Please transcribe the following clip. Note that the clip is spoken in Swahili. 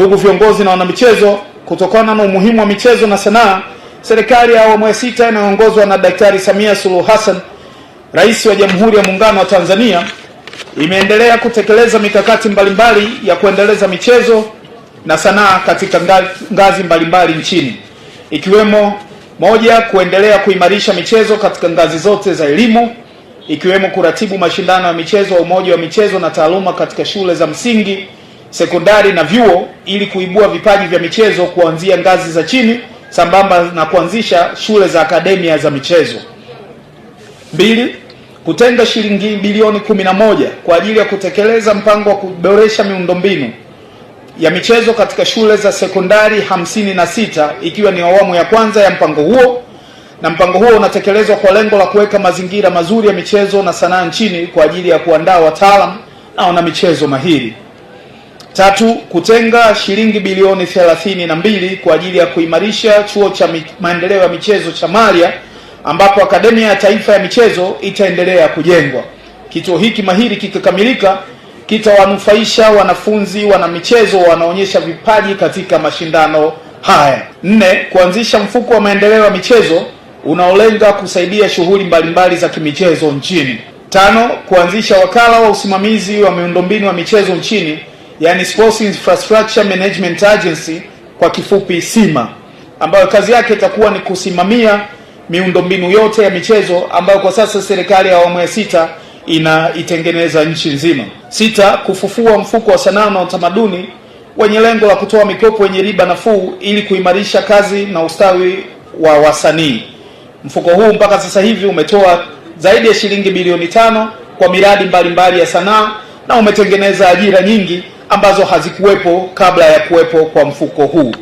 Ndugu viongozi na wanamichezo, kutokana na umuhimu wa michezo na sanaa, serikali ya awamu ya sita inayoongozwa na Daktari Samia Suluhu Hassan, Rais wa Jamhuri ya Muungano wa Tanzania, imeendelea kutekeleza mikakati mbalimbali ya kuendeleza michezo na sanaa katika ngazi mbalimbali nchini, ikiwemo moja, kuendelea kuimarisha michezo katika ngazi zote za elimu ikiwemo kuratibu mashindano ya michezo ya Umoja wa Michezo na Taaluma katika shule za msingi sekondari na vyuo ili kuibua vipaji vya michezo kuanzia ngazi za chini sambamba na kuanzisha shule za akademia za michezo. Mbili, kutenga shilingi bilioni kumi na moja kwa ajili ya kutekeleza mpango wa kuboresha miundombinu ya michezo katika shule za sekondari hamsini na sita ikiwa ni awamu ya kwanza ya mpango huo, na mpango huo unatekelezwa kwa lengo la kuweka mazingira mazuri ya michezo na sanaa nchini kwa ajili ya kuandaa wataalamu na wana michezo mahiri. Tatu, kutenga shilingi bilioni thelathini na mbili kwa ajili ya kuimarisha chuo cha maendeleo ya michezo cha Malia ambapo akademia ya taifa ya michezo itaendelea kujengwa. Kituo hiki mahiri kikikamilika, kitawanufaisha wanafunzi wana michezo wanaonyesha vipaji katika mashindano haya. Nne, kuanzisha mfuko wa maendeleo ya michezo unaolenga kusaidia shughuli mbalimbali za kimichezo nchini. Tano, kuanzisha wakala wa usimamizi wa miundombinu ya michezo nchini yani Sports Infrastructure Management Agency kwa kifupi SIMA, ambayo kazi yake itakuwa ni kusimamia miundombinu yote ya michezo ambayo kwa sasa serikali ya awamu ya sita inaitengeneza nchi nzima. Sita, kufufua mfuko wa sanaa na utamaduni wenye lengo la kutoa mikopo yenye riba nafuu ili kuimarisha kazi na ustawi wa wasanii. Mfuko huu mpaka sasa hivi umetoa zaidi ya shilingi bilioni tano kwa miradi mbalimbali mbali ya sanaa na umetengeneza ajira nyingi ambazo hazikuwepo kabla ya kuwepo kwa mfuko huu.